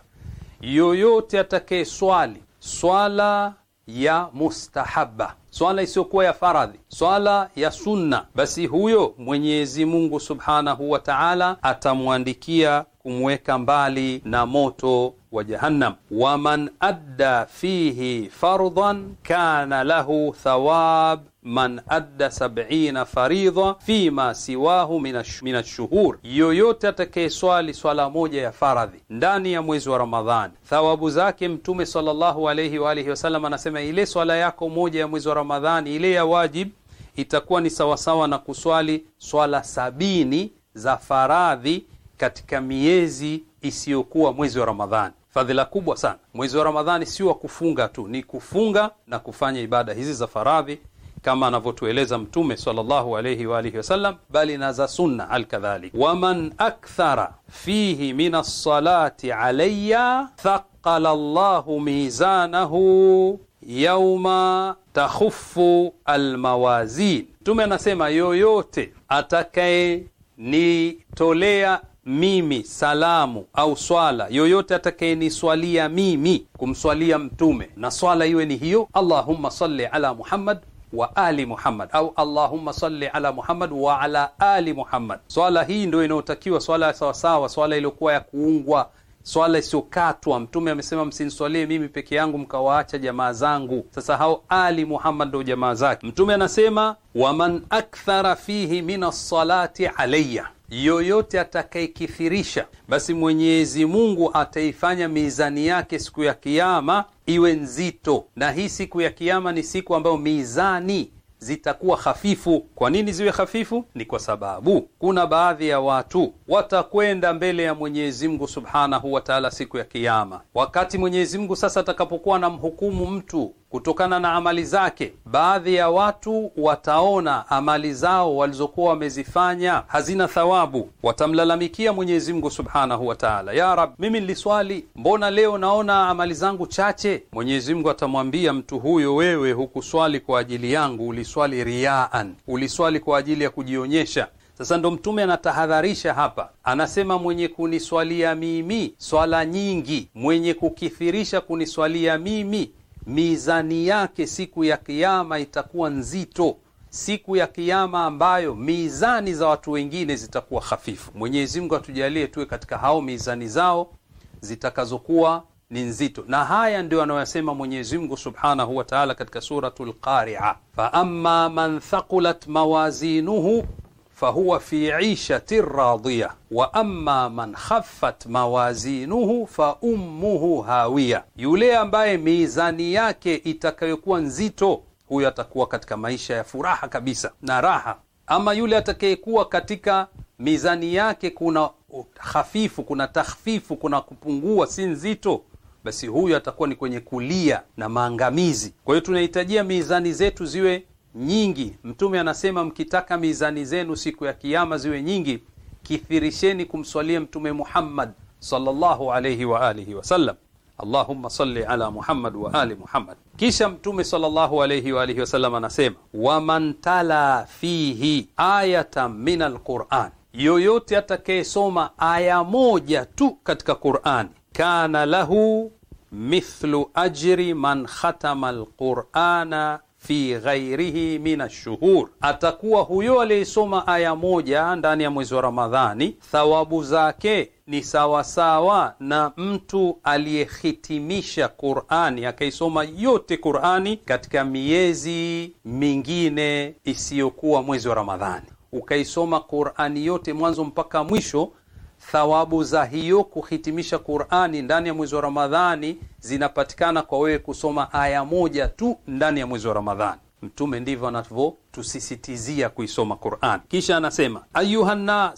yoyote atakayeswali swala ya mustahaba, swala isiyokuwa ya faradhi, swala ya sunna, basi huyo Mwenyezi Mungu subhanahu wa taala atamwandikia kumweka mbali na moto wa Jahannam. Waman adda fihi fardhan kana lahu thawab man adda sab'ina faridha fima siwahu min ashuhur, yoyote atakayeswali swala moja ya faradhi ndani ya mwezi wa Ramadhani, thawabu zake. Mtume sallallahu alayhi wa alihi wasallam anasema ile swala yako moja ya mwezi wa Ramadhani, ile ya wajib, itakuwa ni sawasawa na kuswali swala sabini za faradhi katika miezi isiyokuwa mwezi wa Ramadhani. Fadhila kubwa sana. Mwezi wa Ramadhani si wa kufunga tu, ni kufunga na kufanya ibada hizi za faradhi kama anavyotueleza Mtume sallallahu alayhi wa alihi wasallam, bali na za sunna alkadhalik. Waman akthara fihi min alsalati alayya thaqala llahu mizanahu yauma takhufu almawazin. Mtume anasema yoyote atakayenitolea mimi salamu au swala yoyote atakayeniswalia mimi, kumswalia Mtume na swala iwe ni hiyo, allahumma salli ala Muhammad wa ali Muhammad au allahumma salli ala Muhammad wa ala ali Muhammad. Swala hii ndio inayotakiwa, swala sawasawa, swala iliyokuwa ya kuungwa, swala isiyokatwa. Mtume amesema, msiniswalie mimi peke yangu mkawaacha jamaa zangu. Sasa hao ali Muhammad ndio jamaa zake. Mtume anasema, waman akthara fihi min alsalati alayya yoyote atakayekithirisha, basi Mwenyezi Mungu ataifanya mizani yake siku ya kiama iwe nzito. Na hii siku ya kiama ni siku ambayo mizani zitakuwa hafifu. Kwa nini ziwe hafifu? Ni kwa sababu kuna baadhi ya watu watakwenda mbele ya Mwenyezi Mungu Subhanahu wa Ta'ala siku ya kiama wakati Mwenyezi Mungu sasa atakapokuwa anamhukumu mtu kutokana na amali zake, baadhi ya watu wataona amali zao walizokuwa wamezifanya hazina thawabu, watamlalamikia Mwenyezi Mungu subhanahu wa taala, ya Rab, mimi niliswali, mbona leo naona amali zangu chache? Mwenyezi Mungu atamwambia mtu huyo, wewe hukuswali kwa ajili yangu, uliswali riaan, uliswali kwa ajili ya kujionyesha. Sasa ndo Mtume anatahadharisha hapa, anasema mwenye kuniswalia mimi swala nyingi, mwenye kukithirisha kuniswalia mimi mizani yake siku ya kiama itakuwa nzito, siku ya kiama ambayo mizani za watu wengine zitakuwa hafifu. Mwenyezi Mungu atujalie tuwe katika hao mizani zao zitakazokuwa ni nzito, na haya ndio anayoyasema Mwenyezi Mungu subhanahu wa taala katika Suratul Qari'a, fa amma man thaqulat mawazinuhu fahuwa fi ishati radhiya wa amma man khaffat mawazinuhu fa ummuhu hawiya, yule ambaye mizani yake itakayokuwa nzito, huyo atakuwa katika maisha ya furaha kabisa na raha. Ama yule atakayekuwa katika mizani yake kuna hafifu, kuna takhfifu, kuna kupungua, si nzito, basi huyo atakuwa ni kwenye kulia na maangamizi. Kwa hiyo tunahitajia mizani zetu ziwe nyingi. Mtume anasema mkitaka mizani zenu siku ya kiama ziwe nyingi, kithirisheni kumswalia Mtume Muhammad sallallahu alayhi wa alihi wasallam. Allahumma salli ala Muhammad wa ali Muhammad. Kisha Mtume sallallahu alayhi wa alihi wasallam anasema waman tala fihi ayatan min alquran, yoyote atakayesoma aya moja tu katika Qurani, kana lahu mithlu ajri man khatama alqurana fi ghairihi min ashuhur, atakuwa huyo aliyeisoma aya moja ndani ya mwezi wa Ramadhani, thawabu zake ni sawasawa na mtu aliyehitimisha Qur'ani akaisoma yote Qur'ani katika miezi mingine isiyokuwa mwezi wa Ramadhani, ukaisoma Qur'ani yote mwanzo mpaka mwisho thawabu za hiyo kuhitimisha Qur'ani ndani ya mwezi wa Ramadhani zinapatikana kwa wewe kusoma aya moja tu ndani ya mwezi wa Ramadhani. Mtume ndivyo anavyotusisitizia kuisoma Qur'an. Kisha anasema ayuha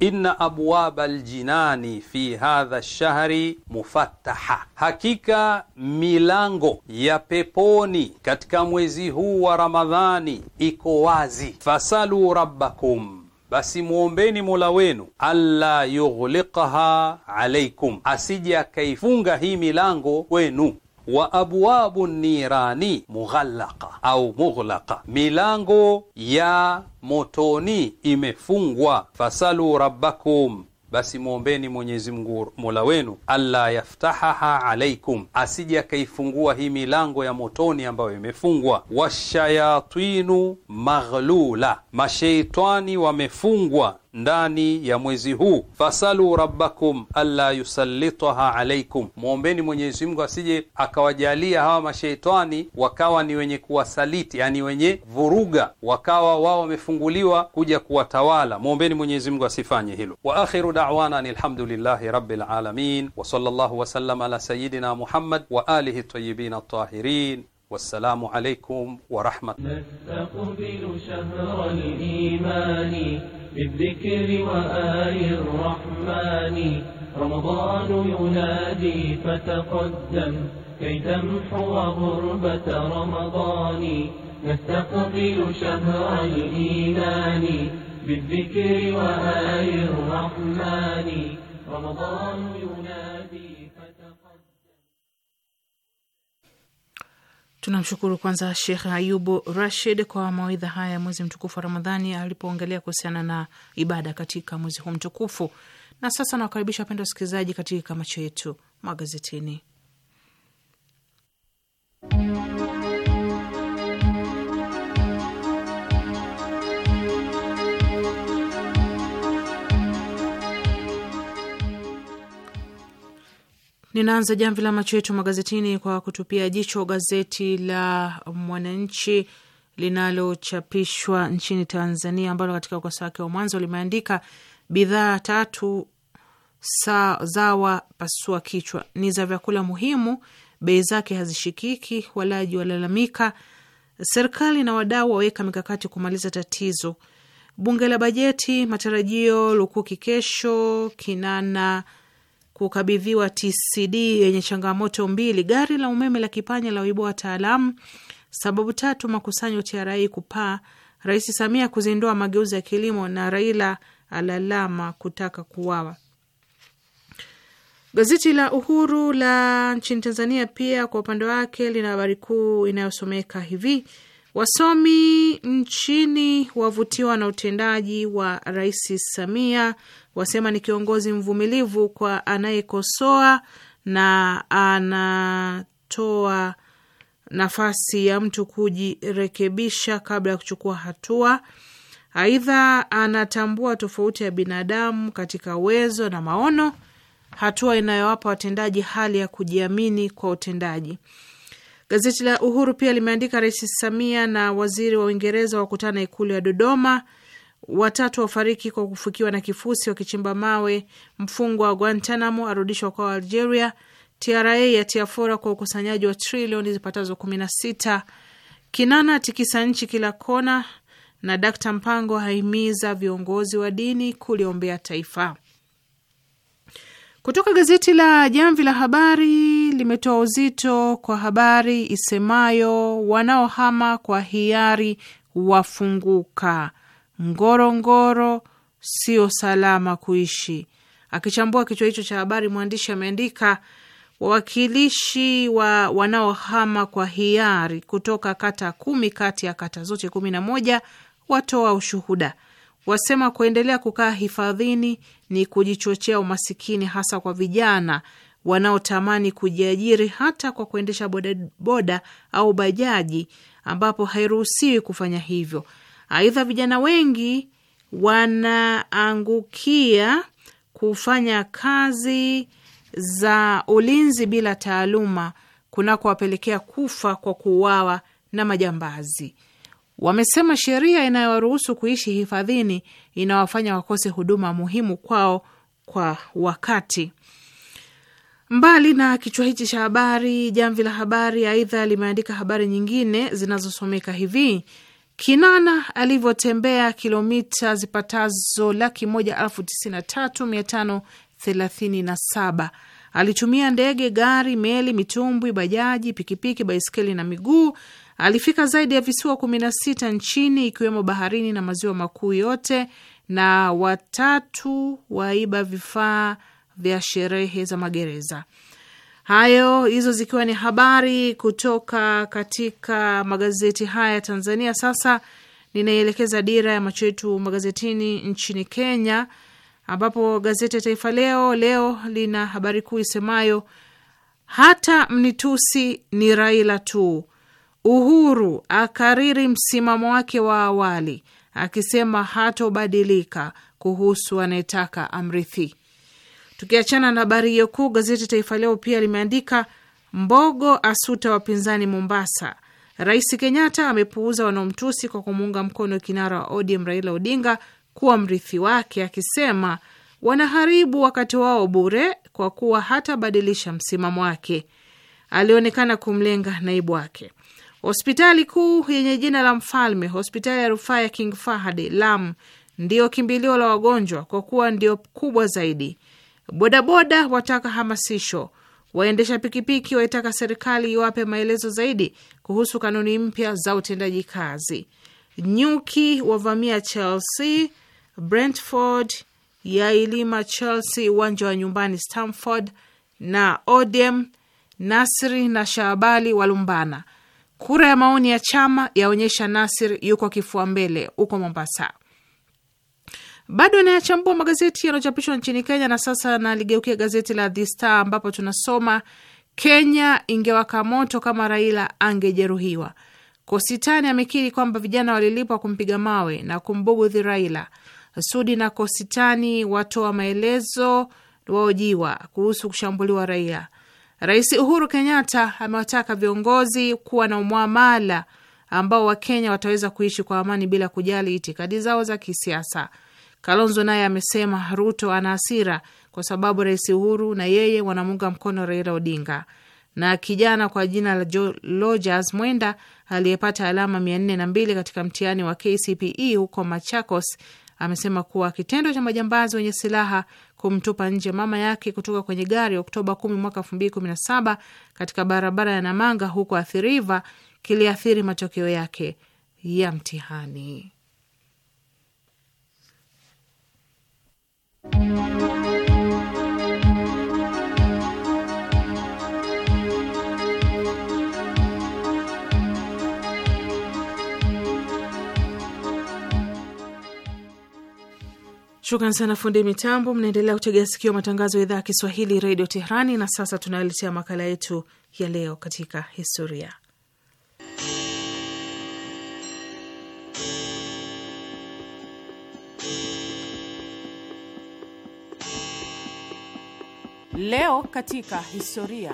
inna abwaba aljinani fi hadha lshahri mufattaha, hakika milango ya peponi katika mwezi huu wa Ramadhani iko wazi. Fasalu rabbakum basi mwombeni Mola wenu alla yughliqaha alaikum, asije akaifunga hii milango kwenu. Wa abwabu nirani mughallaqa au mughlaqa, milango ya motoni imefungwa. Fasalu rabbakum basi mwombeni Mwenyezi Mungu mola wenu, alla yaftahaha alaikum, asije akaifungua hii milango ya motoni ambayo imefungwa. Washayatinu maghlula, masheitani wamefungwa ndani ya mwezi huu. Fasalu rabbakum alla yusallitaha alaikum, mwombeni Mwenyezi Mungu asije akawajalia hawa masheitani wakawa ni wenye kuwasaliti, yani wenye vuruga, wakawa wao wamefunguliwa kuja kuwatawala. Mwombeni Mwenyezi Mungu asifanye hilo. Wa akhiru da'wana alhamdulillahi rabbil alamin wa sallallahu wa sallam ala sayyidina Muhammad wa alihi tayyibin tahirin والسلام عليكم ورحمة نستقبل شهر الإيمان بالذكر وآي الرحمن رمضان ينادي فتقدم كي تمحو غربة رمضان نستقبل شهر الإيمان بالذكر وآي الرحمن رمضان ينادي Tunamshukuru kwanza Shekh Ayubu Rashid kwa mawaidha haya ya mwezi mtukufu wa Ramadhani alipoongelea kuhusiana na ibada katika mwezi huu mtukufu. Na sasa nawakaribisha wapenda wasikilizaji katika macho yetu magazetini. Ninaanza jamvi la macho yetu magazetini kwa kutupia jicho gazeti la Mwananchi linalochapishwa nchini Tanzania, ambalo katika ukurasa wake wa mwanzo limeandika bidhaa tatu sa zawa pasua kichwa, ni za vyakula muhimu, bei zake hazishikiki, walaji walalamika, serikali na wadau waweka mikakati kumaliza tatizo, bunge la bajeti matarajio lukuki kesho, Kinana kukabidhiwa TCD yenye changamoto mbili, gari la umeme la kipanya la uibua wataalamu, sababu tatu makusanyo TRA kupaa, Rais Samia kuzindua mageuzi ya kilimo na Raila alalama kutaka kuwawa. Gazeti la Uhuru la nchini Tanzania pia kwa upande wake lina habari kuu inayosomeka hivi: wasomi nchini wavutiwa na utendaji wa Rais Samia, wasema ni kiongozi mvumilivu kwa anayekosoa na anatoa nafasi ya mtu kujirekebisha kabla ya kuchukua hatua. Aidha, anatambua tofauti ya binadamu katika uwezo na maono, hatua inayowapa watendaji hali ya kujiamini kwa utendaji. Gazeti la Uhuru pia limeandika Rais Samia na waziri wa Uingereza wakutana ikulu ya Dodoma watatu wafariki kwa kufukiwa na kifusi wakichimba mawe. Mfungwa wa Guantanamo arudishwa kwa Algeria. TRA yatia fora kwa ukusanyaji wa trilioni zipatazo kumi na sita. Kinana atikisa nchi kila kona, na Dkt Mpango haimiza viongozi wa dini kuliombea taifa. Kutoka gazeti la Jamvi la Habari limetoa uzito kwa habari isemayo wanaohama kwa hiari wafunguka. Ngorongoro sio salama kuishi. Akichambua kichwa hicho cha habari, mwandishi ameandika wawakilishi wa wanaohama kwa hiari kutoka kata kumi kati ya kata zote kumi na moja watoa ushuhuda, wasema kuendelea kukaa hifadhini ni kujichochea umasikini, hasa kwa vijana wanaotamani kujiajiri hata kwa kuendesha bodaboda au bajaji, ambapo hairuhusiwi kufanya hivyo. Aidha, vijana wengi wanaangukia kufanya kazi za ulinzi bila taaluma, kunakowapelekea kufa kwa kuuawa na majambazi. Wamesema sheria inayowaruhusu kuishi hifadhini inawafanya wakose huduma muhimu kwao kwa wakati. Mbali na kichwa hichi cha habari, Jamvi la Habari aidha limeandika habari nyingine zinazosomeka hivi: Kinana alivyotembea kilomita zipatazo laki moja elfu tisini na tatu mia tano thelathini na saba. Alitumia ndege, gari, meli, mitumbwi, bajaji, pikipiki, baiskeli na miguu. Alifika zaidi ya visiwa kumi na sita nchini ikiwemo baharini na maziwa makuu yote, na watatu waiba vifaa vya sherehe za magereza. Hayo hizo zikiwa ni habari kutoka katika magazeti haya ya Tanzania. Sasa ninaielekeza dira ya macho yetu magazetini nchini Kenya, ambapo gazeti ya Taifa Leo leo lina habari kuu isemayo hata mnitusi ni Raila tu. Uhuru akariri msimamo wake wa awali akisema hatobadilika kuhusu anayetaka amrithi. Tukiachana na habari hiyo kuu, gazeti Taifa Leo pia limeandika Mbogo asuta wapinzani Mombasa. Rais Kenyatta amepuuza wanaomtusi kwa kumuunga mkono kinara wa ODM Raila Odinga kuwa mrithi wake, akisema wanaharibu wakati wao bure kwa kuwa hatabadilisha msimamo wake. Alionekana kumlenga naibu wake. Hospitali kuu yenye jina la Mfalme, hospitali ya rufaa ya King Fahad Lam, ndiyo kimbilio la wagonjwa kwa kuwa ndio kubwa zaidi. Bodaboda wataka hamasisho, waendesha pikipiki waitaka serikali iwape maelezo zaidi kuhusu kanuni mpya za utendaji kazi. Nyuki wavamia Chelsea. Brentford yailima Chelsea uwanja wa nyumbani Stamford. Na ODM Nasri na Shaabali walumbana. Kura ya maoni ya chama yaonyesha Nasri yuko kifua mbele huko Mombasa. Bado anayachambua magazeti yanayochapishwa nchini Kenya, na sasa naligeukia gazeti la The Star ambapo tunasoma Kenya ingewaka moto kama Raila angejeruhiwa. Kositani amekiri kwamba vijana walilipwa kumpiga mawe na kumbugudhi Raila. Sudi na Kositani watoa maelezo waojiwa kuhusu kushambuliwa Raila. Rais Uhuru Kenyatta amewataka viongozi kuwa na umwamala ambao Wakenya wataweza kuishi kwa amani bila kujali itikadi zao za kisiasa. Kalonzo naye amesema Ruto ana hasira kwa sababu Rais Uhuru na yeye wanamuunga mkono Raila Odinga. Na kijana kwa jina la Lojas Mwenda aliyepata alama mia nne na mbili katika mtihani wa KCPE huko Machakos amesema kuwa kitendo cha majambazi wenye silaha kumtupa nje mama yake kutoka kwenye gari Oktoba 10 mwaka 2017 katika barabara ya Namanga huko Athiriva kiliathiri matokeo yake ya mtihani. Shukran sana fundi mitambo. Mnaendelea kutegea sikio matangazo ya idhaa ya Kiswahili, redio Tehrani. Na sasa tunaletea makala yetu ya leo katika historia Leo katika historia.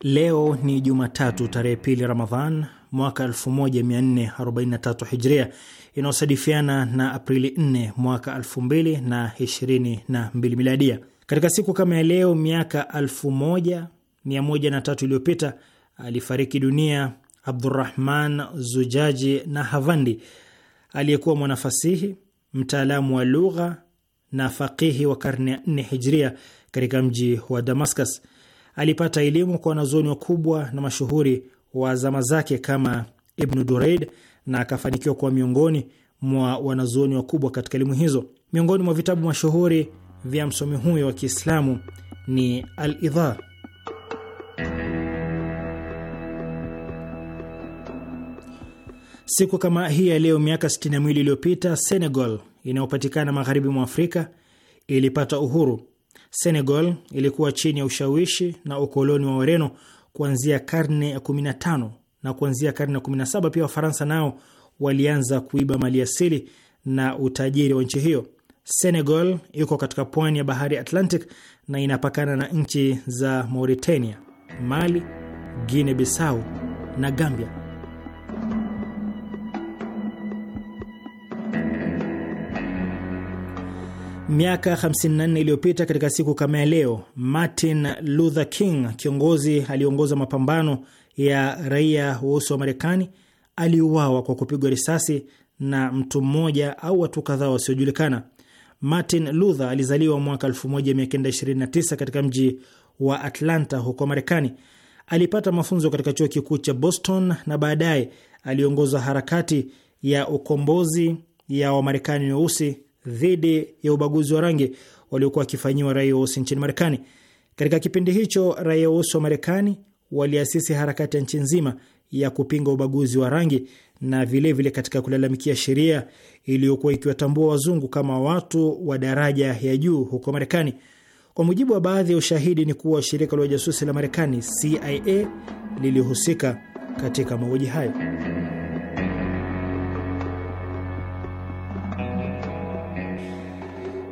Leo ni Jumatatu tarehe pili Ramadhan mwaka 1443 Hijria, inayosadifiana na Aprili 4 mwaka 2022 Miladia. Katika siku kama ya leo miaka 1103 iliyopita alifariki dunia Abdurrahman Zujaji na Havandi aliyekuwa mwanafasihi, mtaalamu wa lugha na faqihi wa karne ya nne Hijria katika mji wa Damascus. Alipata elimu kwa wanazuoni wakubwa na mashuhuri wa zama zake kama Ibnu Dureid na akafanikiwa kuwa miongoni mwa wanazuoni wakubwa katika elimu hizo. Miongoni mwa vitabu mashuhuri vya msomi huyo wa Kiislamu ni Al-Idha Siku kama hii ya leo miaka 62 iliyopita, Senegal inayopatikana magharibi mwa Afrika ilipata uhuru. Senegal ilikuwa chini ya ushawishi na ukoloni wa Wareno kuanzia karne ya 15 na kuanzia karne ya 17 pia Wafaransa nao walianza kuiba maliasili na utajiri wa nchi hiyo. Senegal iko katika pwani ya bahari Atlantic na inapakana na nchi za Mauritania, Mali, Guinea Bissau na Gambia. Miaka 54 iliyopita katika siku kama ya leo, Martin Luther King, kiongozi aliyeongoza mapambano ya raia weusi wa Marekani, aliuawa kwa kupigwa risasi na mtu mmoja au watu kadhaa wasiojulikana. Martin Luther alizaliwa mwaka 1929 katika mji wa Atlanta huko Marekani. Alipata mafunzo katika chuo kikuu cha Boston na baadaye aliongoza harakati ya ukombozi ya Wamarekani weusi dhidi ya ubaguzi wa rangi waliokuwa wakifanyiwa raia weusi nchini Marekani. Katika kipindi hicho, raia weusi wa Marekani waliasisi harakati ya nchi nzima ya kupinga ubaguzi wa rangi na vilevile vile katika kulalamikia sheria iliyokuwa ikiwatambua wazungu kama watu wa daraja ya juu huko Marekani. Kwa mujibu wa baadhi ya ushahidi, ni kuwa shirika la ujasusi la Marekani CIA lilihusika katika mauaji hayo.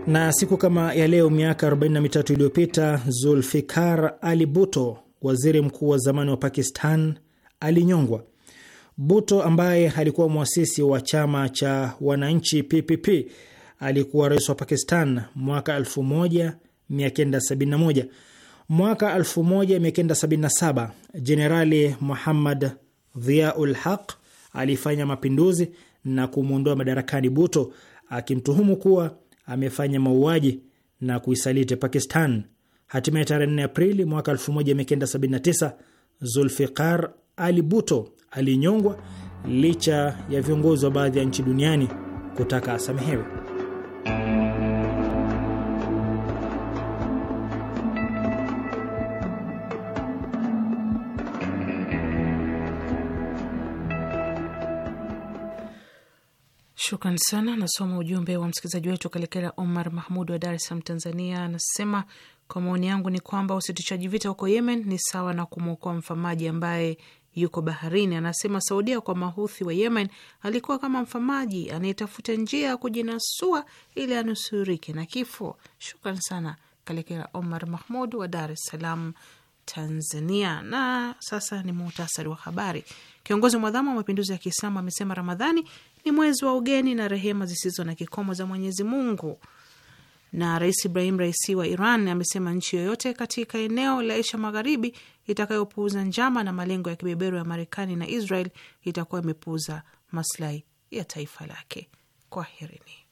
Na siku kama ya leo miaka 43 iliyopita Zulfikar Ali buto waziri mkuu wa zamani wa Pakistan, alinyongwa. buto ambaye alikuwa mwasisi wa chama cha wananchi PPP alikuwa rais wa Pakistan mwaka 1971. Mwaka 1977 Jenerali Muhammad Dhiaul Haq alifanya mapinduzi na kumwondoa madarakani buto akimtuhumu kuwa amefanya mauaji na kuisaliti Pakistan. Hatimaye tarehe 4 Aprili mwaka 1979 Zulfiqar Ali Buto alinyongwa licha ya viongozi wa baadhi ya nchi duniani kutaka asamehewe. Shukran sana. Nasoma ujumbe wa msikilizaji wetu Kalekela Omar Mahmud wa Dar es Salaam, Tanzania. Anasema, kwa maoni yangu ni kwamba usitishaji vita huko Yemen ni sawa na kumwokoa mfamaji ambaye yuko baharini. Anasema Saudia kwa mahuthi wa Yemen alikuwa kama mfamaji anayetafuta njia ya kujinasua ili anusurike na kifo. Shukran sana Kalekela Omar Mahmud wa Dar es Salaam, Tanzania. Na sasa ni muhtasari wa habari. Kiongozi mwadhamu wa mapinduzi ya Kiislamu amesema Ramadhani ni mwezi wa ugeni na rehema zisizo na kikomo za Mwenyezi Mungu. Na Rais Ibrahim Raisi wa Iran amesema nchi yoyote katika eneo la Asia Magharibi itakayopuuza njama na malengo ya kibebero ya Marekani na Israel itakuwa imepuuza maslahi ya taifa lake. Kwaherini.